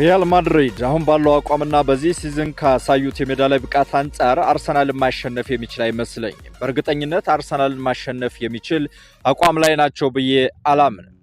ሪያል ማድሪድ አሁን ባለው አቋምና በዚህ ሲዝን ካሳዩት የሜዳ ላይ ብቃት አንጻር አርሰናልን ማሸነፍ የሚችል አይመስለኝም። በእርግጠኝነት አርሰናልን ማሸነፍ የሚችል አቋም ላይ ናቸው ብዬ አላምንም።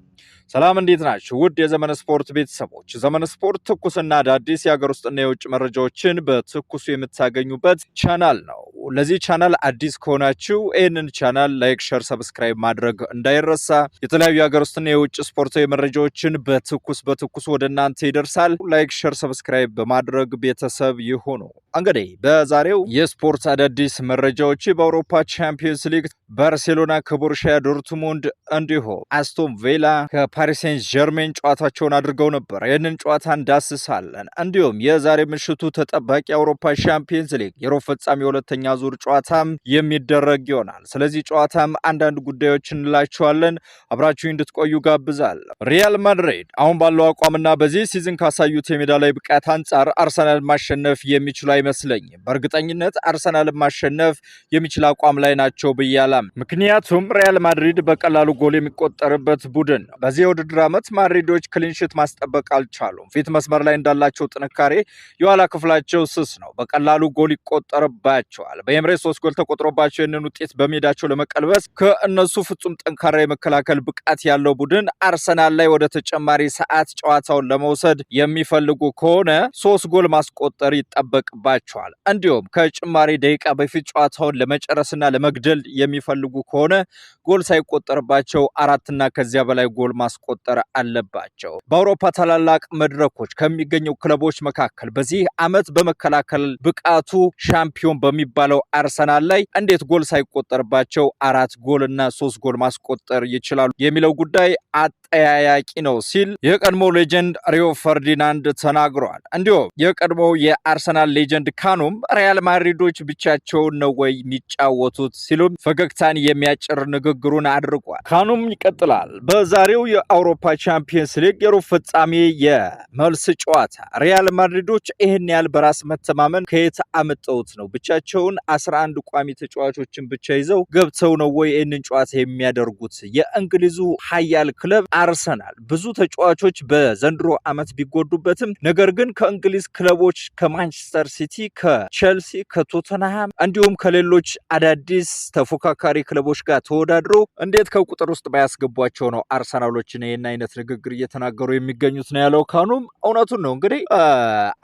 ሰላም እንዴት ናችሁ? ውድ የዘመን ስፖርት ቤተሰቦች፣ ዘመን ስፖርት ትኩስና አዳዲስ የሀገር ውስጥና የውጭ መረጃዎችን በትኩሱ የምታገኙበት ቻናል ነው። ለዚህ ቻናል አዲስ ከሆናችሁ ይህንን ቻናል ላይክ፣ ሸር፣ ሰብስክራይብ ማድረግ እንዳይረሳ። የተለያዩ የሀገር ውስጥና የውጭ ስፖርታዊ መረጃዎችን በትኩስ በትኩስ ወደ እናንተ ይደርሳል። ላይክ፣ ሸር፣ ሰብስክራይብ በማድረግ ቤተሰብ ይሁኑ። እንግዲህ በዛሬው የስፖርት አዳዲስ መረጃዎች በአውሮፓ ቻምፒየንስ ሊግ ባርሴሎና ከቦርሻያ ዶርትሙንድ እንዲሁም አስቶን ቬላ ከፓሪሴን ጀርሜን ጨዋታቸውን አድርገው ነበር። ይህንን ጨዋታ እንዳስሳለን። እንዲሁም የዛሬ ምሽቱ ተጠባቂ የአውሮፓ ቻምፒየንስ ሊግ የሩብ ፍጻሜ ሁለተኛ ዙር ጨዋታም የሚደረግ ይሆናል። ስለዚህ ጨዋታም አንዳንድ ጉዳዮች እንላቸዋለን አብራችሁ እንድትቆዩ ጋብዛል። ሪያል ማድሪድ አሁን ባለው አቋምና በዚህ ሲዝን ካሳዩት የሜዳ ላይ ብቃት አንጻር አርሰናል ማሸነፍ የሚችሉ አይመስለኝ። በእርግጠኝነት አርሰናልን ማሸነፍ የሚችል አቋም ላይ ናቸው ብያላም። ምክንያቱም ሪያል ማድሪድ በቀላሉ ጎል የሚቆጠርበት ቡድን ነው። በዚህ የውድድር ዓመት ማድሪዶች ክሊንሽት ማስጠበቅ አልቻሉም። ፊት መስመር ላይ እንዳላቸው ጥንካሬ የኋላ ክፍላቸው ስስ ነው። በቀላሉ ጎል ይቆጠርባቸዋል። በኤምሬት ሶስት ጎል ተቆጥሮባቸው ይህንን ውጤት በሜዳቸው ለመቀልበስ ከእነሱ ፍጹም ጠንካራ የመከላከል ብቃት ያለው ቡድን አርሰናል ላይ ወደ ተጨማሪ ሰዓት ጨዋታውን ለመውሰድ የሚፈልጉ ከሆነ ሶስት ጎል ማስቆጠር ይጠበቅባቸዋል። ይኖርባቸዋል። እንዲሁም ከጭማሪ ደቂቃ በፊት ጨዋታውን ለመጨረስና ለመግደል የሚፈልጉ ከሆነ ጎል ሳይቆጠርባቸው አራትና ከዚያ በላይ ጎል ማስቆጠር አለባቸው። በአውሮፓ ታላላቅ መድረኮች ከሚገኙ ክለቦች መካከል በዚህ ዓመት በመከላከል ብቃቱ ሻምፒዮን በሚባለው አርሰናል ላይ እንዴት ጎል ሳይቆጠርባቸው አራት ጎል እና ሶስት ጎል ማስቆጠር ይችላሉ የሚለው ጉዳይ አጠያያቂ ነው ሲል የቀድሞ ሌጀንድ ሪዮ ፈርዲናንድ ተናግሯል። እንዲሁም የቀድሞ የአርሰናል ሌጀንድ ራይመንድ ካኖም ሪያል ማድሪዶች ብቻቸውን ነው ወይ የሚጫወቱት ሲሉም ፈገግታን የሚያጭር ንግግሩን አድርጓል። ካኖም ይቀጥላል። በዛሬው የአውሮፓ ቻምፒየንስ ሊግ የሩብ ፍጻሜ የመልስ ጨዋታ ሪያል ማድሪዶች ይህን ያህል በራስ መተማመን ከየት አመጠውት ነው? ብቻቸውን 11 ቋሚ ተጫዋቾችን ብቻ ይዘው ገብተው ነው ወይ ይህንን ጨዋታ የሚያደርጉት? የእንግሊዙ ሀያል ክለብ አርሰናል ብዙ ተጫዋቾች በዘንድሮ ዓመት ቢጎዱበትም ነገር ግን ከእንግሊዝ ክለቦች ከማንቸስተር ሲቲ ሲቲ ከቼልሲ ከቶተንሃም እንዲሁም ከሌሎች አዳዲስ ተፎካካሪ ክለቦች ጋር ተወዳድሮ እንዴት ከቁጥር ውስጥ ባያስገቧቸው ነው አርሰናሎችን ይህን አይነት ንግግር እየተናገሩ የሚገኙት ነው ያለው። ካኑም እውነቱን ነው። እንግዲህ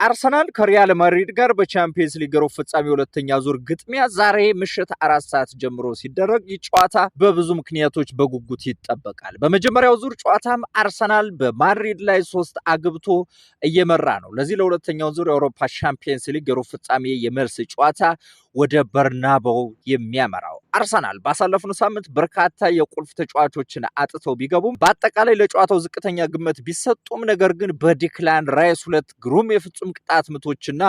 አርሰናል ከሪያል ማድሪድ ጋር በቻምፒየንስ ሊግ ሩብ ፍጻሜ ሁለተኛ ዙር ግጥሚያ ዛሬ ምሽት አራት ሰዓት ጀምሮ ሲደረግ ይህ ጨዋታ በብዙ ምክንያቶች በጉጉት ይጠበቃል። በመጀመሪያው ዙር ጨዋታም አርሰናል በማድሪድ ላይ ሶስት አግብቶ እየመራ ነው። ለዚህ ለሁለተኛው ዙር የአውሮፓ ሻምፒየንስ ሊግ የሩብ ፍጻሜ የመልስ ጨዋታ ወደ በርናባው የሚያመራው። አርሰናል ባሳለፍነው ሳምንት በርካታ የቁልፍ ተጫዋቾችን አጥተው ቢገቡም በአጠቃላይ ለጨዋታው ዝቅተኛ ግምት ቢሰጡም ነገር ግን በዲክላን ራይስ ሁለት ግሩም የፍጹም ቅጣት ምቶችና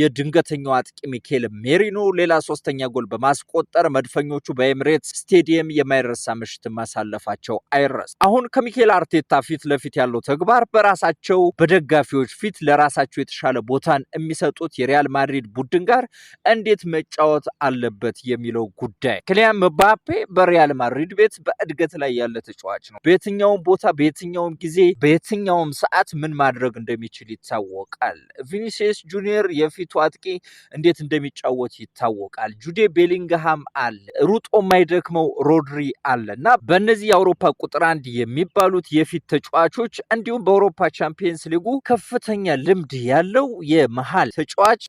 የድንገተኛው አጥቂ ሚኬል ሜሪኖ ሌላ ሶስተኛ ጎል በማስቆጠር መድፈኞቹ በኤምሬት ስቴዲየም የማይረሳ ምሽት ማሳለፋቸው አይረስ። አሁን ከሚኬል አርቴታ ፊት ለፊት ያለው ተግባር በራሳቸው በደጋፊዎች ፊት ለራሳቸው የተሻለ ቦታን የሚሰጡት የሪያል ማድሪድ ቡድን ጋር እንዴት መጫወት አለበት የሚለው ጉዳይ። ክሊያን መባፔ በሪያል ማድሪድ ቤት በእድገት ላይ ያለ ተጫዋች ነው። በየትኛውም ቦታ፣ በየትኛውም ጊዜ፣ በየትኛውም ሰዓት ምን ማድረግ እንደሚችል ይታወቃል። ቪኒሲየስ ጁኒየር የፊቱ አጥቂ እንዴት እንደሚጫወት ይታወቃል። ጁዴ ቤሊንግሃም አለ፣ ሩጦ የማይደክመው ሮድሪ አለ እና በእነዚህ የአውሮፓ ቁጥር አንድ የሚባሉት የፊት ተጫዋቾች እንዲሁም በአውሮፓ ቻምፒየንስ ሊጉ ከፍተኛ ልምድ ያለው የመሃል ተጫዋች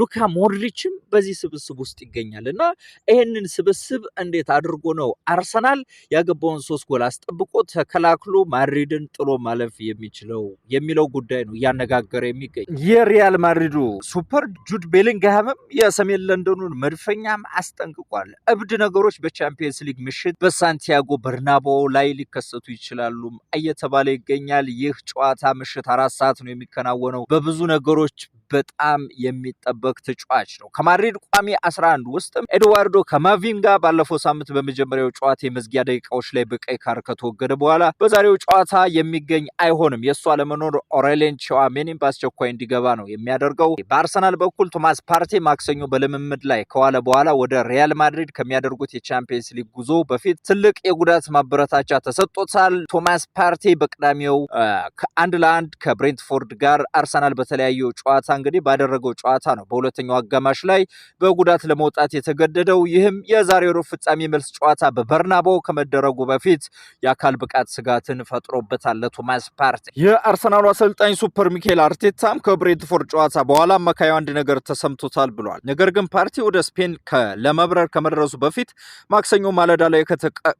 ሉካ ሞድሪችም ተጫዋችም በዚህ ስብስብ ውስጥ ይገኛል እና ይህንን ስብስብ እንዴት አድርጎ ነው አርሰናል ያገባውን ሶስት ጎል አስጠብቆ ተከላክሎ ማድሪድን ጥሎ ማለፍ የሚችለው የሚለው ጉዳይ ነው እያነጋገረ የሚገኝ። የሪያል ማድሪዱ ሱፐር ጁድ ቤሊንግሃምም የሰሜን ለንደኑን መድፈኛም አስጠንቅቋል። እብድ ነገሮች በቻምፒየንስ ሊግ ምሽት በሳንቲያጎ በርናቦ ላይ ሊከሰቱ ይችላሉ እየተባለ ይገኛል። ይህ ጨዋታ ምሽት አራት ሰዓት ነው የሚከናወነው። በብዙ ነገሮች በጣም የሚጠበቅ ተጫዋች ነው። ከማድሪድ ቋሚ 11 ውስጥም ኤድዋርዶ ከማቪን ጋር ባለፈው ሳምንት በመጀመሪያው ጨዋታ የመዝጊያ ደቂቃዎች ላይ በቀይ ካር ከተወገደ በኋላ በዛሬው ጨዋታ የሚገኝ አይሆንም። የእሱ አለመኖር ኦሬሌን ቸዋሜኒን በአስቸኳይ እንዲገባ ነው የሚያደርገው። በአርሰናል በኩል ቶማስ ፓርቴ ማክሰኞ በልምምድ ላይ ከዋለ በኋላ ወደ ሪያል ማድሪድ ከሚያደርጉት የቻምፒየንስ ሊግ ጉዞ በፊት ትልቅ የጉዳት ማበረታቻ ተሰጥቶታል። ቶማስ ፓርቴ በቅዳሜው አንድ ለአንድ ከብሬንትፎርድ ጋር አርሰናል በተለያየው ጨዋታ እንግዲህ ባደረገው ጨዋታ ነው በሁለተኛው አጋማሽ ላይ ላይ በጉዳት ለመውጣት የተገደደው ይህም የዛሬው ሩብ ፍጻሜ መልስ ጨዋታ በበርናቦ ከመደረጉ በፊት የአካል ብቃት ስጋትን ፈጥሮበታል ለቶማስ ፓርቲ። የአርሰናሉ አሰልጣኝ ሱፐር ሚካኤል አርቴታም ከብሬንትፎርድ ጨዋታ በኋላ አማካዩ አንድ ነገር ተሰምቶታል ብሏል። ነገር ግን ፓርቲ ወደ ስፔን ለመብረር ከመድረሱ በፊት ማክሰኞ ማለዳ ላይ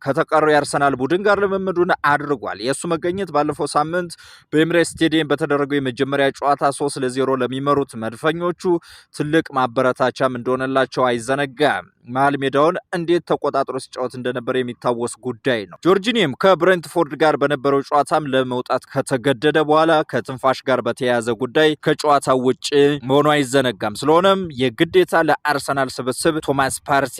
ከተቀረው የአርሰናል ቡድን ጋር ልምምዱን አድርጓል። የእሱ መገኘት ባለፈው ሳምንት በኤምሬ ስቴዲየም በተደረገው የመጀመሪያ ጨዋታ ሶስት ለዜሮ ለሚመሩት መድፈኞቹ ትልቅ ማበረታ ማሳቻም እንደሆነላቸው አይዘነጋም። መሀል ሜዳውን እንዴት ተቆጣጥሮ ሲጫወት እንደነበር የሚታወስ ጉዳይ ነው። ጆርጂኒየም ከብሬንትፎርድ ጋር በነበረው ጨዋታም ለመውጣት ከተገደደ በኋላ ከትንፋሽ ጋር በተያያዘ ጉዳይ ከጨዋታ ውጭ መሆኑ አይዘነጋም። ስለሆነም የግዴታ ለአርሰናል ስብስብ ቶማስ ፓርቴ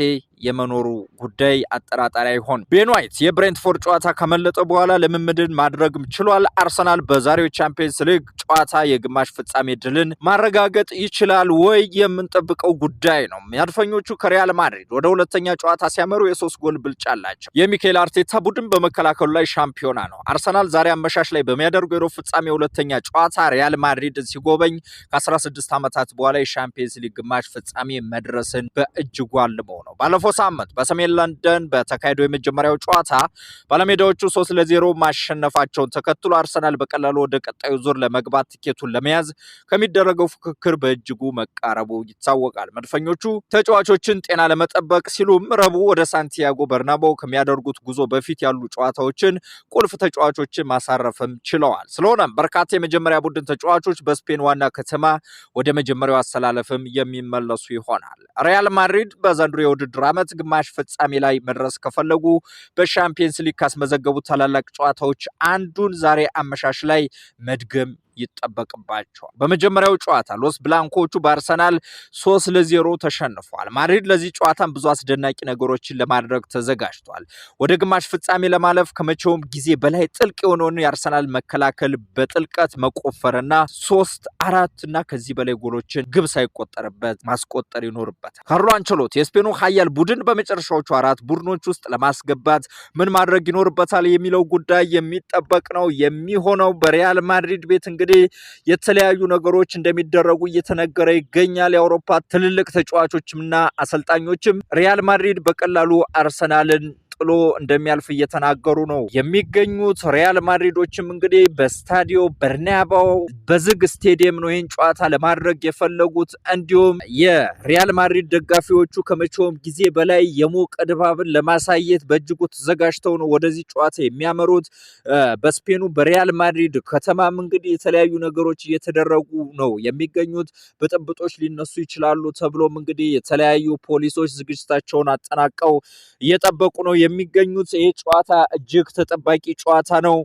የመኖሩ ጉዳይ አጠራጣሪ አይሆን። ቤን ዋይት የብሬንትፎርድ ጨዋታ ከመለጠ በኋላ ልምምድን ማድረግም ችሏል። አርሰናል በዛሬው ቻምፒየንስ ሊግ ጨዋታ የግማሽ ፍጻሜ ድልን ማረጋገጥ ይችላል ወይ የምንጠብቀው ጉዳይ ነው። መድፈኞቹ ከሪያል ማድሪድ ወደ ሁለተኛ ጨዋታ ሲያመሩ የሶስት ጎል ብልጫ አላቸው። የሚካኤል አርቴታ ቡድን በመከላከሉ ላይ ሻምፒዮና ነው። አርሰናል ዛሬ አመሻሽ ላይ በሚያደርገው የሩብ ፍጻሜ ሁለተኛ ጨዋታ ሪያል ማድሪድ ሲጎበኝ ከ16 ዓመታት በኋላ የሻምፒየንስ ሊግ ግማሽ ፍጻሜ መድረስን በእጅጉ አልመው ነው ባለፈው ሳምንት በሰሜን ለንደን በተካሄደው የመጀመሪያው ጨዋታ ባለሜዳዎቹ ሶስት ለዜሮ ማሸነፋቸውን ተከትሎ አርሰናል በቀላሉ ወደ ቀጣዩ ዙር ለመግባት ትኬቱን ለመያዝ ከሚደረገው ፉክክር በእጅጉ መቃረቡ ይታወቃል። መድፈኞቹ ተጫዋቾችን ጤና ለመጠበቅ ሲሉም ረቡዕ ወደ ሳንቲያጎ በርናባው ከሚያደርጉት ጉዞ በፊት ያሉ ጨዋታዎችን ቁልፍ ተጫዋቾችን ማሳረፍም ችለዋል። ስለሆነም በርካታ የመጀመሪያ ቡድን ተጫዋቾች በስፔን ዋና ከተማ ወደ መጀመሪያው አሰላለፍም የሚመለሱ ይሆናል። ሪያል ማድሪድ በዘንድሮ የውድድር ዓመት ግማሽ ፍጻሜ ላይ መድረስ ከፈለጉ በሻምፒየንስ ሊግ ካስመዘገቡት ታላላቅ ጨዋታዎች አንዱን ዛሬ አመሻሽ ላይ መድገም ይጠበቅባቸዋል። በመጀመሪያው ጨዋታ ሎስ ብላንኮቹ በአርሰናል ሶስት ለዜሮ ተሸንፏል። ማድሪድ ለዚህ ጨዋታም ብዙ አስደናቂ ነገሮችን ለማድረግ ተዘጋጅቷል። ወደ ግማሽ ፍጻሜ ለማለፍ ከመቼውም ጊዜ በላይ ጥልቅ የሆነውን የአርሰናል መከላከል በጥልቀት መቆፈርና ሶስት አራት እና ከዚህ በላይ ጎሎችን ግብ ሳይቆጠርበት ማስቆጠር ይኖርበታል። ካርሎ አንቸሎት የስፔኑ ኃያል ቡድን በመጨረሻዎቹ አራት ቡድኖች ውስጥ ለማስገባት ምን ማድረግ ይኖርበታል የሚለው ጉዳይ የሚጠበቅ ነው የሚሆነው በሪያል ማድሪድ ቤት እንግዲህ እንግዲህ የተለያዩ ነገሮች እንደሚደረጉ እየተነገረ ይገኛል። የአውሮፓ ትልልቅ ና አሰልጣኞችም ሪያል ማድሪድ በቀላሉ አርሰናልን ጥሎ እንደሚያልፍ እየተናገሩ ነው የሚገኙት። ሪያል ማድሪዶችም እንግዲህ በስታዲዮ በርናባው በዝግ ስቴዲየም ነው ይህን ጨዋታ ለማድረግ የፈለጉት። እንዲሁም የሪያል ማድሪድ ደጋፊዎቹ ከመቼውም ጊዜ በላይ የሞቀ ድባብን ለማሳየት በእጅጉ ተዘጋጅተው ነው ወደዚህ ጨዋታ የሚያመሩት። በስፔኑ በሪያል ማድሪድ ከተማም እንግዲህ የተለያዩ ነገሮች እየተደረጉ ነው የሚገኙት። ብጥብጦች ሊነሱ ይችላሉ ተብሎም እንግዲህ የተለያዩ ፖሊሶች ዝግጅታቸውን አጠናቀው እየጠበቁ ነው የሚገኙት። ይህ ጨዋታ እጅግ ተጠባቂ ጨዋታ ነው።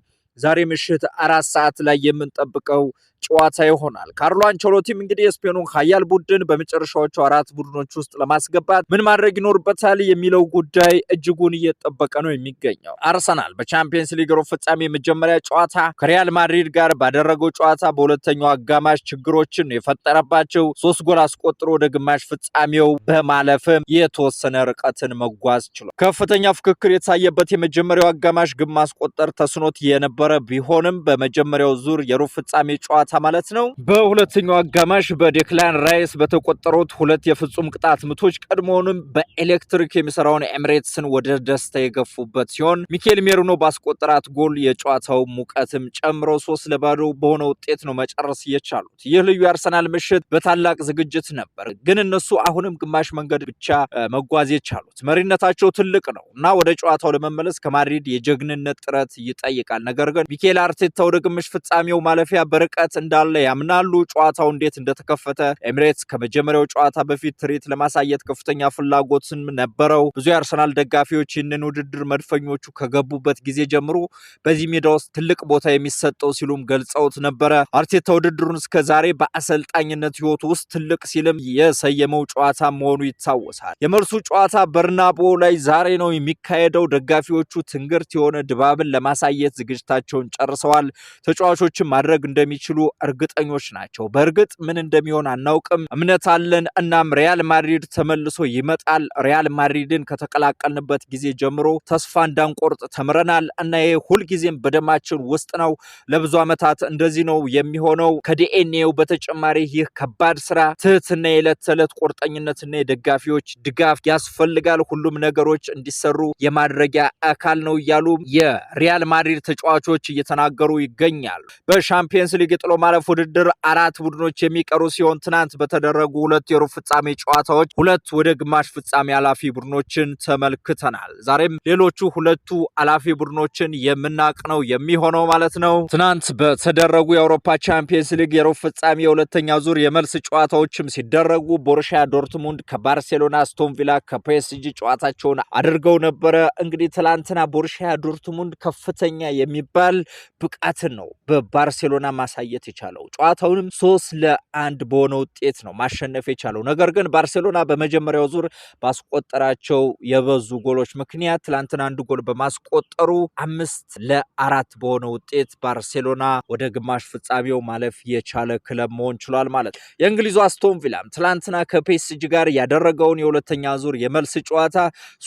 ዛሬ ምሽት አራት ሰዓት ላይ የምንጠብቀው ጨዋታ ይሆናል። ካርሎ አንቸሎቲም እንግዲህ የስፔኑን ኃያል ቡድን በመጨረሻዎቹ አራት ቡድኖች ውስጥ ለማስገባት ምን ማድረግ ይኖርበታል የሚለው ጉዳይ እጅጉን እየጠበቀ ነው የሚገኘው። አርሰናል በቻምፒየንስ ሊግ ሩብ ፍጻሜ የመጀመሪያ ጨዋታ ከሪያል ማድሪድ ጋር ባደረገው ጨዋታ በሁለተኛው አጋማሽ ችግሮችን የፈጠረባቸው ሶስት ጎል አስቆጥሮ ወደ ግማሽ ፍጻሜው በማለፍም የተወሰነ ርቀትን መጓዝ ችሏል። ከፍተኛ ፍክክር የታየበት የመጀመሪያው አጋማሽ ግብ ማስቆጠር ተስኖት የነበረ ቢሆንም በመጀመሪያው ዙር የሩብ ፍጻሜ ጨዋታ ጨዋታ ማለት ነው። በሁለተኛው አጋማሽ በዴክላን ራይስ በተቆጠሩት ሁለት የፍጹም ቅጣት ምቶች ቀድሞውንም በኤሌክትሪክ የሚሰራውን ኤምሬትስን ወደ ደስታ የገፉበት ሲሆን ሚኬል ሜሪኖ ባስቆጠራት ጎል የጨዋታው ሙቀትም ጨምሮ ሶስት ለባዶ በሆነ ውጤት ነው መጨረስ የቻሉት። ይህ ልዩ የአርሰናል ምሽት በታላቅ ዝግጅት ነበር፣ ግን እነሱ አሁንም ግማሽ መንገድ ብቻ መጓዝ የቻሉት መሪነታቸው ትልቅ ነው እና ወደ ጨዋታው ለመመለስ ከማድሪድ የጀግንነት ጥረት ይጠይቃል። ነገር ግን ሚኬል አርቴታ ወደ ግማሽ ፍጻሜው ማለፊያ በርቀት እንዳለ ያምናሉ። ጨዋታው እንዴት እንደተከፈተ ኤሚሬትስ ከመጀመሪያው ጨዋታ በፊት ትርኢት ለማሳየት ከፍተኛ ፍላጎትም ነበረው። ብዙ የአርሰናል ደጋፊዎች ይህንን ውድድር መድፈኞቹ ከገቡበት ጊዜ ጀምሮ በዚህ ሜዳ ውስጥ ትልቅ ቦታ የሚሰጠው ሲሉም ገልጸውት ነበረ። አርቴታ ውድድሩን እስከ ዛሬ በአሰልጣኝነት ህይወቱ ውስጥ ትልቅ ሲልም የሰየመው ጨዋታ መሆኑ ይታወሳል። የመልሱ ጨዋታ በርናቦ ላይ ዛሬ ነው የሚካሄደው። ደጋፊዎቹ ትንግርት የሆነ ድባብን ለማሳየት ዝግጅታቸውን ጨርሰዋል። ተጫዋቾችን ማድረግ እንደሚችሉ እርግጠኞች ናቸው። በእርግጥ ምን እንደሚሆን አናውቅም፣ እምነት አለን። እናም ሪያል ማድሪድ ተመልሶ ይመጣል። ሪያል ማድሪድን ከተቀላቀልንበት ጊዜ ጀምሮ ተስፋ እንዳንቆርጥ ተምረናል እና ይሄ ሁልጊዜም በደማችን ውስጥ ነው። ለብዙ ዓመታት እንደዚህ ነው የሚሆነው። ከዲኤንኤው በተጨማሪ ይህ ከባድ ስራ፣ ትህትና፣ የዕለት ተዕለት ቁርጠኝነትና የደጋፊዎች ድጋፍ ያስፈልጋል። ሁሉም ነገሮች እንዲሰሩ የማድረጊያ አካል ነው እያሉ የሪያል ማድሪድ ተጫዋቾች እየተናገሩ ይገኛል። በሻምፒየንስ ሊግ ጥሎ ማለፍ ውድድር አራት ቡድኖች የሚቀሩ ሲሆን ትናንት በተደረጉ ሁለት የሩብ ፍጻሜ ጨዋታዎች ሁለት ወደ ግማሽ ፍጻሜ አላፊ ቡድኖችን ተመልክተናል። ዛሬም ሌሎቹ ሁለቱ አላፊ ቡድኖችን የምናቅ ነው የሚሆነው ማለት ነው። ትናንት በተደረጉ የአውሮፓ ቻምፒየንስ ሊግ የሩብ ፍጻሜ የሁለተኛ ዙር የመልስ ጨዋታዎችም ሲደረጉ ቦርሻ ዶርትሙንድ ከባርሴሎና፣ ስቶን ቪላ ከፒኤስጂ ጨዋታቸውን አድርገው ነበረ። እንግዲህ ትላንትና ቦርሻ ዶርትሙንድ ከፍተኛ የሚባል ብቃትን ነው በባርሴሎና ማሳየት የቻለው። ጨዋታውንም ሶስት ለአንድ በሆነ ውጤት ነው ማሸነፍ የቻለው። ነገር ግን ባርሴሎና በመጀመሪያው ዙር ባስቆጠራቸው የበዙ ጎሎች ምክንያት ትላንትና አንድ ጎል በማስቆጠሩ አምስት ለአራት በሆነ ውጤት ባርሴሎና ወደ ግማሽ ፍጻሜው ማለፍ የቻለ ክለብ መሆን ችሏል ማለት ነው። የእንግሊዙ አስቶን ቪላም ትላንትና ከፔስጅ ጋር ያደረገውን የሁለተኛ ዙር የመልስ ጨዋታ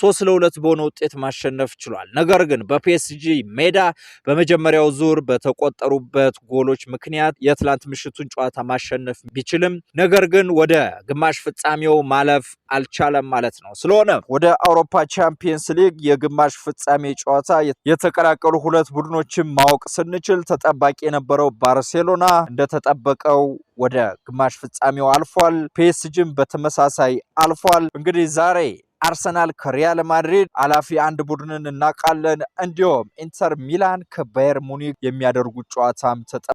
ሶስት ለሁለት በሆነ ውጤት ማሸነፍ ችሏል። ነገር ግን በፒኤስጂ ሜዳ በመጀመሪያው ዙር በተቆጠሩበት ጎሎች ምክንያት የትላንት ምሽቱን ጨዋታ ማሸነፍ ቢችልም ነገር ግን ወደ ግማሽ ፍጻሜው ማለፍ አልቻለም ማለት ነው። ስለሆነ ወደ አውሮፓ ቻምፒየንስ ሊግ የግማሽ ፍጻሜ ጨዋታ የተቀላቀሉ ሁለት ቡድኖችን ማወቅ ስንችል ተጠባቂ የነበረው ባርሴሎና እንደተጠበቀው ወደ ግማሽ ፍጻሜው አልፏል። ፒኤስጂም በተመሳሳይ አልፏል። እንግዲህ ዛሬ አርሰናል ከሪያል ማድሪድ አላፊ አንድ ቡድንን እናውቃለን። እንዲሁም ኢንተር ሚላን ከባየር ሙኒክ የሚያደርጉት ጨዋታም ተጠ